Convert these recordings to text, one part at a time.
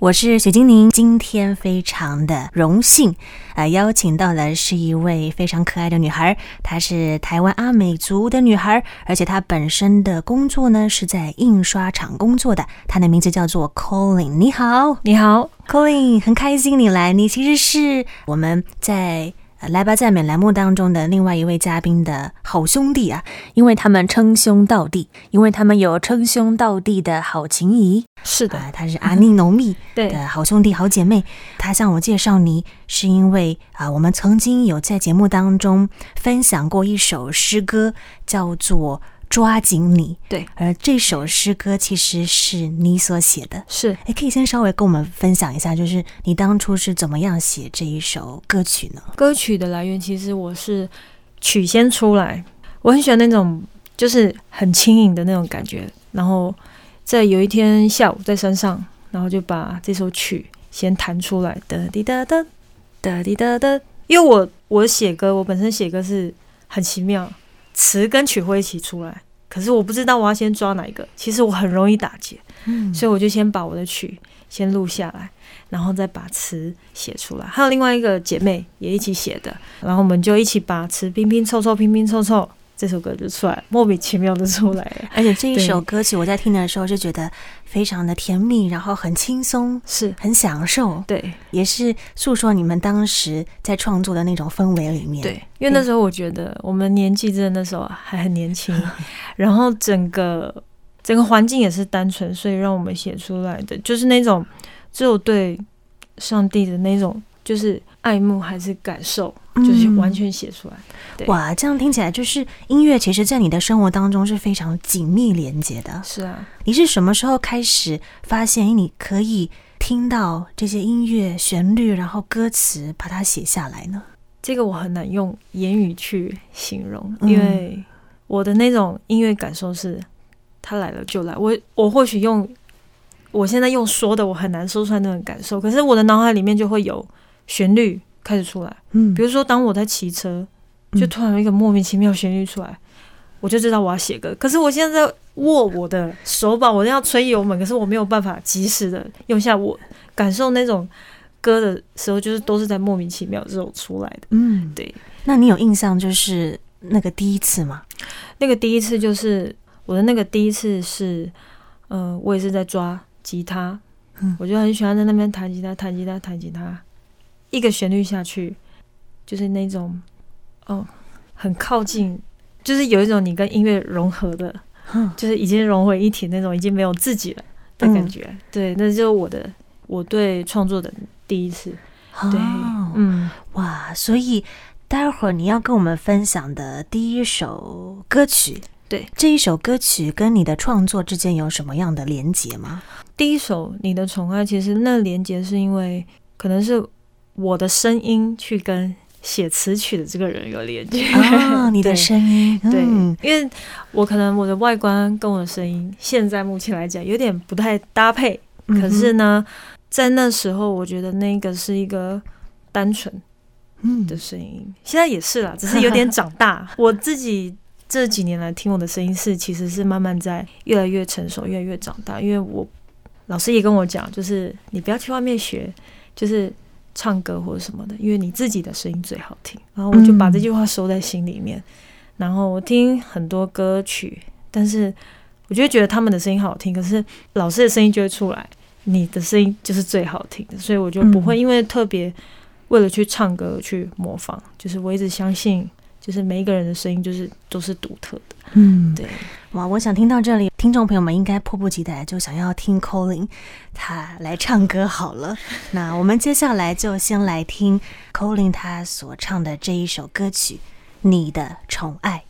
我是許金寧，今天非常的榮幸啊、呃，邀請到的是一位非常可愛的女孩，她是台灣阿美族的女孩，而且她本身的工作呢是在印刷廠工作的，她的名字叫做 Colin。你好，你好，Colin，很開心你來，你其實是我們在。來吧。讚美欄目當中的另外一位嘉賓的好兄弟啊，因為他們稱兄道弟，因為他們有稱兄道弟的好情誼。是的，呃，他是阿尼農密的好兄弟好姐妹， 對他向我介紹你，是因為啊，呃，我們曾經有在節目當中分享過一首詩歌，叫做，抓緊你，對，而這首詩歌其實是你所寫的，是，你、欸、可以先稍微跟我們分享一下，就是你當初是怎麼樣寫這一首歌曲呢？歌曲的來源其實我是曲先出來，我很喜歡那種就是很輕盈的那種感覺，然後在有一天下午在山上，然後就把這首曲先彈出來，的，滴答答。噠滴噠，噠噠，因為我我寫歌，我本身寫歌是很奇妙，詞跟曲會一起出來。可是我不知道我要先抓哪一個，其實我很容易打結，嗯，所以我就先把我的曲先錄下來，然後再把詞寫出來。還有另外一個姐妹也一起寫的，然後我們就一起把詞拼拼湊湊，拼拼湊湊。這首歌就出來，莫名其妙的出來了， 而且對這一首歌曲我在聽的時候就覺得非常的甜蜜，然後很輕鬆，是很享受。對，也是訴說你們當時在創作的那種氛圍裡面。對，對因為那時候我覺得我們年紀真的那時候還很年輕， 然後整個整個環境也是單純，所以讓我們寫出來的就是那種只有對上帝的那種就是。愛慕還是感受，就是完全寫出來。嗯、對哇，這樣聽起來就是音樂，其實在你的生活當中是非常緊密連接的。是啊，你是什麼時候開始發現你可以聽到這些音樂旋律，然後歌詞把它寫下來呢？這個我很難用言語去形容，嗯、因為我的那種音樂感受是，它來了就來。我，我或許用我現在用說的，我很難說出來那種感受，可是我的腦海裡面就會有。旋律開始出來，嗯，比如說當我在騎車，就突然一個莫名其妙旋律出來，嗯、我就知道我要寫歌。可是我現在,在握我的手把，我都要吹油門，可是我沒有辦法及時的用下我感受那種歌的時候，就是都是在莫名其妙這種出來的。嗯，對。那你有印象就是那個第一次嗎？那個第一次就是我的那個第一次是，嗯、呃，我也是在抓吉他，我就很喜歡在那邊彈吉他，彈吉他，彈吉他。一個旋律下去，就是那種，哦，很靠近，就是有一種你跟音樂融合的，嗯、就是已經融為一體那種，已經沒有自己了的感覺。嗯、對，那就是我的我對創作的第一次。對，哦、嗯，哇，所以待會兒你要跟我們分享的第一首歌曲，對，這一首歌曲跟你的創作之間有什麼樣的連接嗎？第一首《你的寵愛》，其實那連接是因為可能是。我的聲音去跟寫詞曲的這個人有連接。oh, 你的聲音 對，對，因為我可能我的外觀跟我的聲音，現在目前來講有點不太搭配。嗯、哼可是呢，在那時候我覺得那個是一個單純的聲音，嗯、現在也是了，只是有點長大。 我自己這幾年來聽我的聲音是，其實是慢慢在越來越成熟，越來越長大。因為我老師也跟我講，就是你不要去外面學，就是。唱歌或者什麼的，因為你自己的聲音最好聽。然後我就把這句話收在心裡面。嗯、然後我聽很多歌曲，但是我就覺得他們的聲音好聽。可是老師的聲音就會出來，你的聲音就是最好聽。所以我就不會因為特別為了去唱歌去模仿，嗯、就是我一直相信。就是每一個人的聲音就是都是獨特的，嗯，對，哇，我想聽到這裡，聽眾朋友們應該迫不及待就想要聽 Colin 他來唱歌好了。 那我們接下來就先來聽 Colin 他所唱的這一首歌曲《你的寵愛》。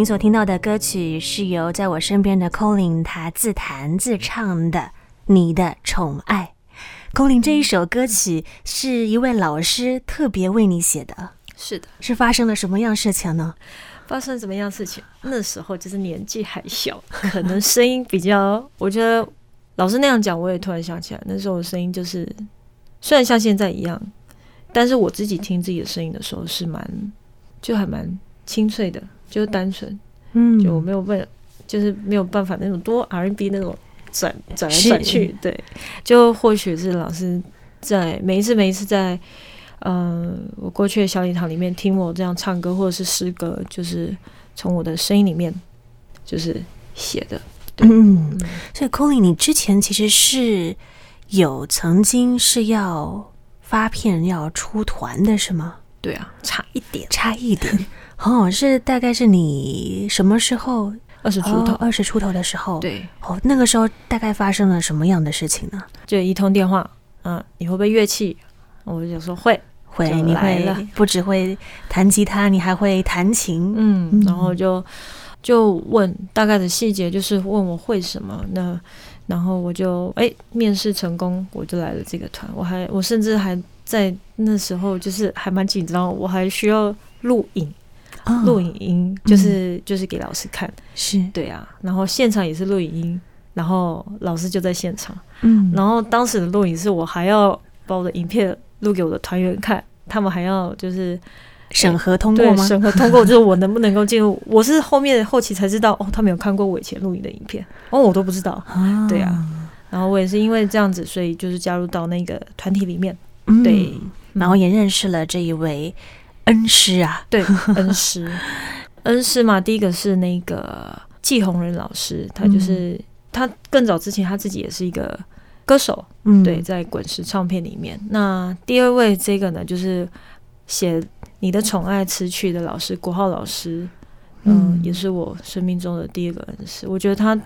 你所聽到的歌曲是由在我身邊的 Colin 他自彈自唱的《你的寵愛》。Colin，這一首歌曲是一位老師特別為你寫的。是的。是發生了什麼樣事情呢？發生了什麼樣事情，那時候就是年紀還小，可能聲音比較…… 我覺得老師那樣講，我也突然想起來，那時候聲音就是雖然像現在一樣，但是我自己聽自己的聲音的時候是蠻，就還蠻清脆的。就是單純，嗯，就我沒有問，就是沒有辦法那種多 R&B 那種轉轉來轉去，是對，就或許是老師在每一次每一次在，呃，我過去的小禮堂裡面聽我這樣唱歌，或者是詩歌，就是從我的聲音裡面就是寫的，對，嗯，所以 Colin，你之前其實是有曾經是要發片、要出團的是嗎？對啊，差一點，差一點。哦，是大概是你什麼時候二十出頭？二十出頭的時候，對哦，那個時候大概發生了什麼樣的事情呢、啊？就一通電話，嗯、啊，你會不會樂器？我就想說會會，你會不只會彈吉他，你還會彈琴，嗯，嗯然後就就問大概的細節，就是問我會什麼。那然後我就哎、欸，面試成功，我就來了這個團。我還我甚至還在那時候就是還蠻緊張，我還需要錄影。錄影音就是、嗯、就是給老師看，是，對啊，然後現場也是錄影音，然後老師就在現場，嗯，然後當時的錄影是我還要把我的影片錄給我的團員看，他們還要就是審核通過嗎？審核通過就是我能不能夠進入？ 我是後面後期才知道，哦，他們有看過我以前錄影的影片，哦，我都不知道，啊對啊，然後我也是因為這樣子，所以就是加入到那個團體裡面，嗯、對，然後也認識了這一位。恩師啊，對， 恩師，恩師嘛，第一個是那個季紅仁老師，他就是、嗯、他更早之前他自己也是一個歌手，嗯，對，在滾石唱片裡面。那第二位這個呢，就是寫《你的寵愛》詞曲的老師，國浩老師，呃、嗯，也是我生命中的第一個恩師。我覺得他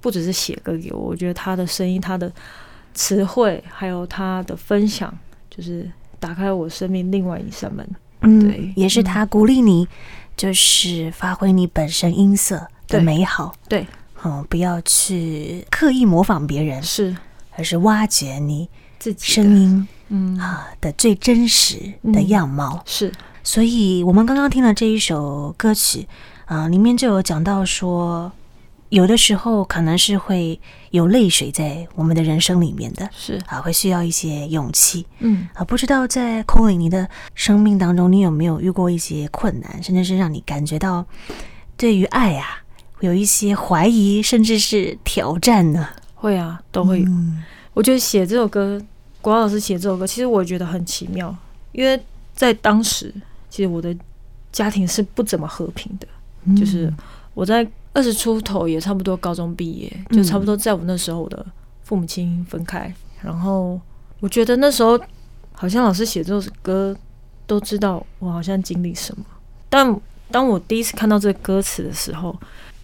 不只是寫歌給我，我覺得他的聲音、他的詞彙，還有他的分享，就是打開我生命另外一扇門。嗯，對也是他鼓勵你，嗯、就是發揮你本身音色的美好，對，對嗯，不要去刻意模仿別人，是，而是挖掘你自己聲音，嗯啊的最真實的樣貌，是、嗯。所以我們剛剛聽了這一首歌曲，啊、呃，裡面就有講到說，有的時候可能是會有淚水在我們的人生裡面的，是啊，會需要一些勇氣，嗯啊，不知道在 Colin 你的生命當中，你有沒有遇過一些困難，甚至是讓你感覺到對於愛啊有一些懷疑，甚至是挑戰呢、啊？會啊，都會有。嗯、我覺得寫這首歌，郭老師寫這首歌，其實我覺得很奇妙，因為在當時，其實我的家庭是不怎麼和平的，嗯、就是我在。二十出頭也差不多，高中畢業就差不多，在我那時候，我的父母親分開。嗯、然後我覺得那時候好像老師寫這首歌，都知道我好像經歷什麼。但當我第一次看到這個歌詞的時候，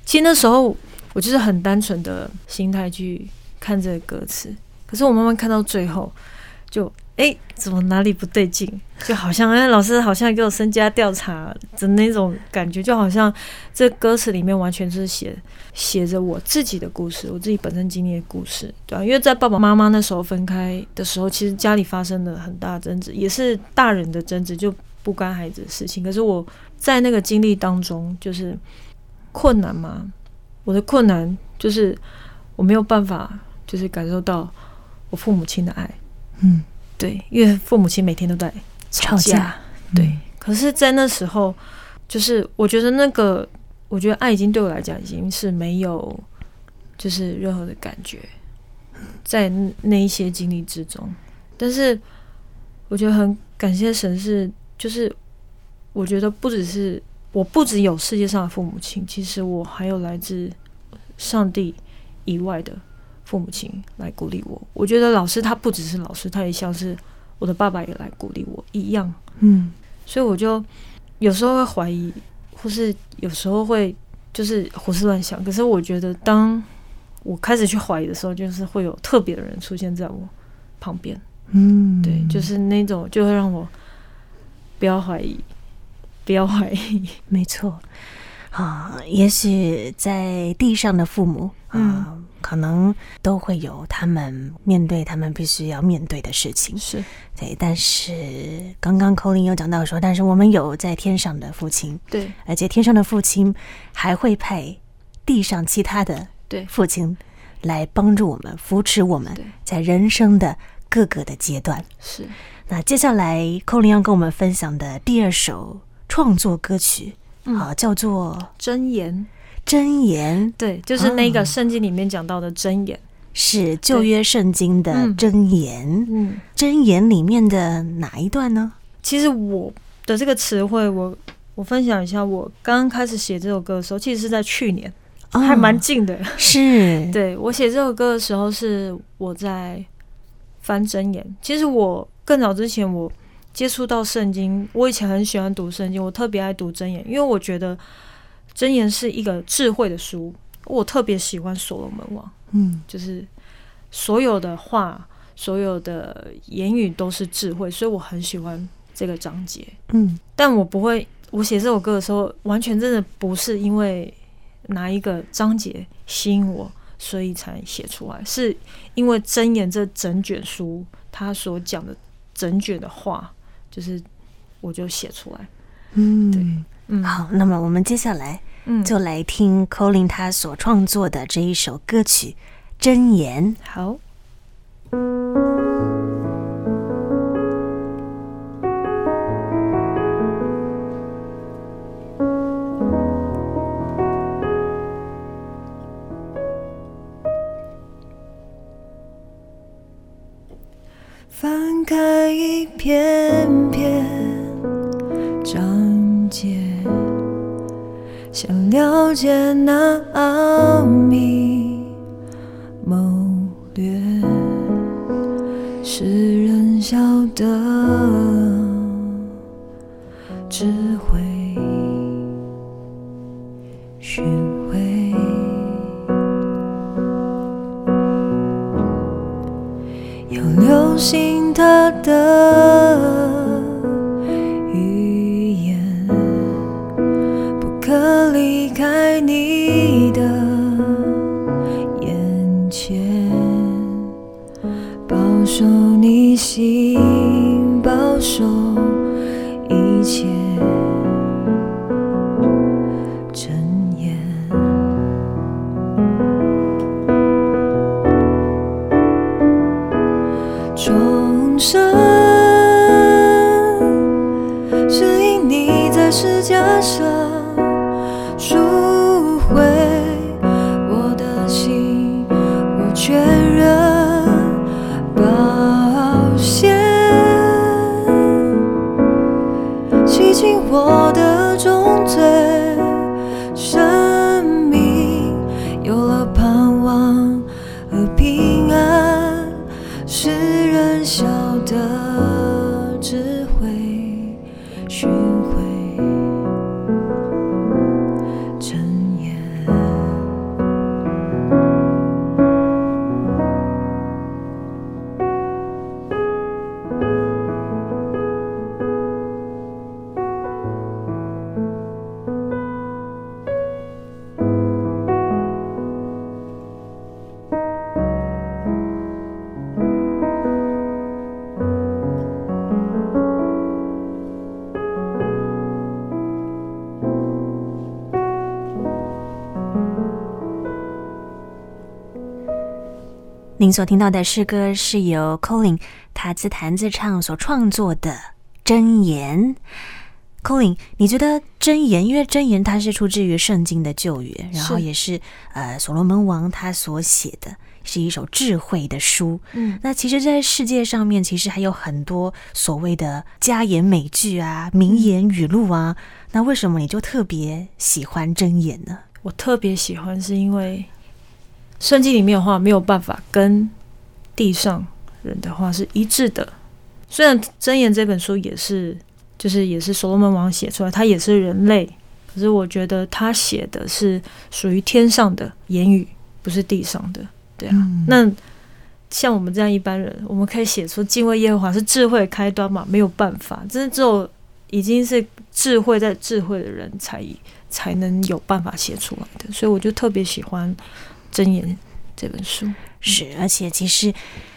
其實那時候我就是很單純的心態去看這個歌詞。可是我慢慢看到最後，就。誒，怎麼哪裡不對勁？就好像哎，老師好像給我身家調查的那種感覺，就好像這歌詞裡面完全是寫寫着我自己的故事，我自己本身經歷的故事，對吧？因為在爸爸媽媽那時候分開的時候，其實家裡發生了很大爭執，也是大人的爭執，就不關孩子的事情。可是我在那個經歷當中，就是困難嘛，我的困難就是我沒有辦法，就是感受到我父母親的愛，嗯。對，因為父母親每天都在吵架。吵架，對，可是，在那時候，就是我覺得那個，我覺得愛已經對我來講，已經是沒有，就是任何的感覺，在那一些經歷之中。但是，我覺得很感謝神是，是就是我覺得不只是我不只有世界上的父母親，其實我還有來自上帝以外的。父母親來鼓勵我，我覺得老師他不只是老師，他也像是我的爸爸也來鼓勵我一樣，嗯，所以我就有時候會懷疑，或是有時候會就是胡思亂想。可是我覺得，當我開始去懷疑的時候，就是會有特別的人出現在我旁邊，嗯，對，就是那種就會讓我不要懷疑，不要懷疑，沒錯，啊，也許在地上的父母，嗯、啊。可能都會有他們面對他們必須要面對的事情，是。對，但是剛剛 Colin 有講到說，但是我們有在天上的父親，對，而且天上的父親還會派地上其他的對父親來幫助我們，對扶持我們在人生的各個的階段。是對。那接下來 Colin 要跟我們分享的第二首創作歌曲好、嗯呃，叫做《真言》。箴言，對，就是那個聖經裡面講到的箴言，哦、是舊約聖經的箴言。嗯，嗯箴言裡面的哪一段呢？其實我的這個詞彙，我我分享一下。我剛剛開始寫這首歌的時候，其實是在去年，哦、還蠻近的。是， 對，我寫這首歌的時候，是我在翻箴言。其實我更早之前，我接觸到聖經，我以前很喜歡讀聖經，我特別愛讀箴言，因為我覺得。箴言是一個智慧的書，我特別喜歡所羅門王，嗯，就是所有的話，所有的言語都是智慧，所以我很喜歡這個章節，嗯，但我不會，我寫這首歌的時候，完全真的不是因為哪一個章節吸引我，所以才寫出來，是因為箴言這整卷書，他所講的整卷的話，就是我就寫出來，嗯，對。嗯，好，那麼我們接下來就來聽 Colin 他所創作的這一首歌曲《真言》。好，翻開一片。確認。真您所聽到的詩歌是由 Colin 他自彈自唱所創作的《箴言》。Colin，你覺得《箴言》？因為《箴言》它是出自於聖經的舊約，然後也是,是呃所羅門王他所寫的，是一首智慧的書。嗯，那其實，在世界上面，其實還有很多所謂的佳言美句啊、名言語錄啊。嗯、那為什麼你就特別喜歡《箴言》呢？我特別喜歡，是因為。聖經裡面的話沒有辦法跟地上人的話是一致的，雖然《箴言》這本書也是，就是也是所羅門王寫出來，他也是人類，可是我覺得他寫的是屬於天上的言語，不是地上的，對啊。嗯、那像我們這樣一般人，我們可以寫出敬畏耶和華是智慧開端嘛？沒有辦法，真的只有已經是智慧在智慧的人才才能有辦法寫出來的，所以我就特別喜歡。箴言這本書、嗯、是，而且其實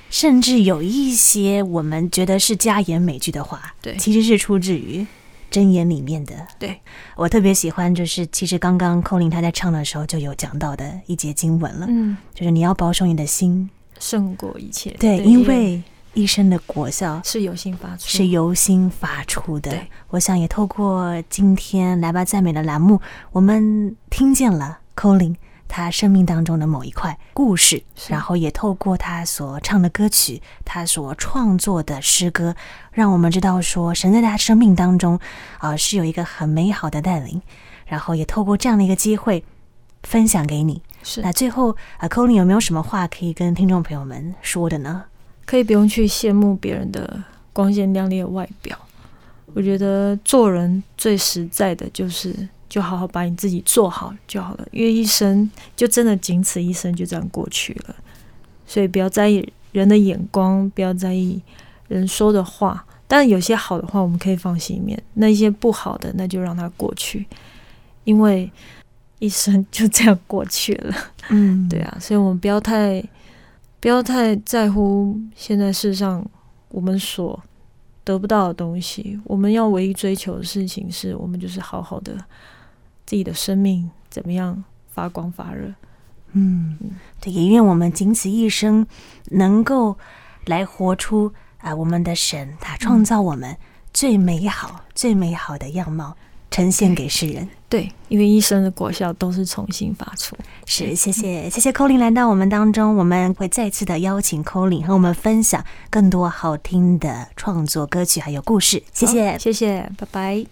甚至有一些我們覺得是佳言美句的話，對，其實是出自於箴言裡面的。對我特別喜歡，就是其實剛剛 Colin 他在唱的時候就有講到的一節經文了，嗯，就是你要保守你的心，勝過一切。對，因為，因為一生的果效是由心發出，是由心發出的。出的對我想也透過今天來吧讚美的欄目，我們聽見了 Colin。他生命當中的某一塊故事，是然後也透過他所唱的歌曲，他所創作的詩歌，讓我們知道說神在他生命當中，啊、呃、是有一個很美好的帶領，然後也透過這樣的一個機會分享給你。是那最後啊，Colin 有沒有什麼話可以跟聽眾朋友們說的呢？可以不用去羨慕別人的光鮮亮麗的外表，我覺得做人最實在的就是。就好好把你自己做好就好了，因為一生就真的僅此一生就這樣過去了，所以不要在意人的眼光，不要在意人說的話。但有些好的話，我們可以放心一面；那些不好的，那就讓它過去，因為一生就這樣過去了。嗯，對啊，所以我們不要太不要太在乎現在世上我們所得不到的東西。我們要唯一追求的事情，是我們就是好好的。自己的生命怎麼樣發光發熱？嗯，這也願我們僅此一生能夠來活出啊、呃，我們的神他創造我們最美好、嗯、最美好的樣貌，呈現給世人對。對，因為一生的果效都是重新發出。是，謝謝，謝謝 Colin 來到我們當中，我們會再次的邀請 Colin 和我們分享更多好聽的創作歌曲還有故事。謝謝，謝謝，拜拜。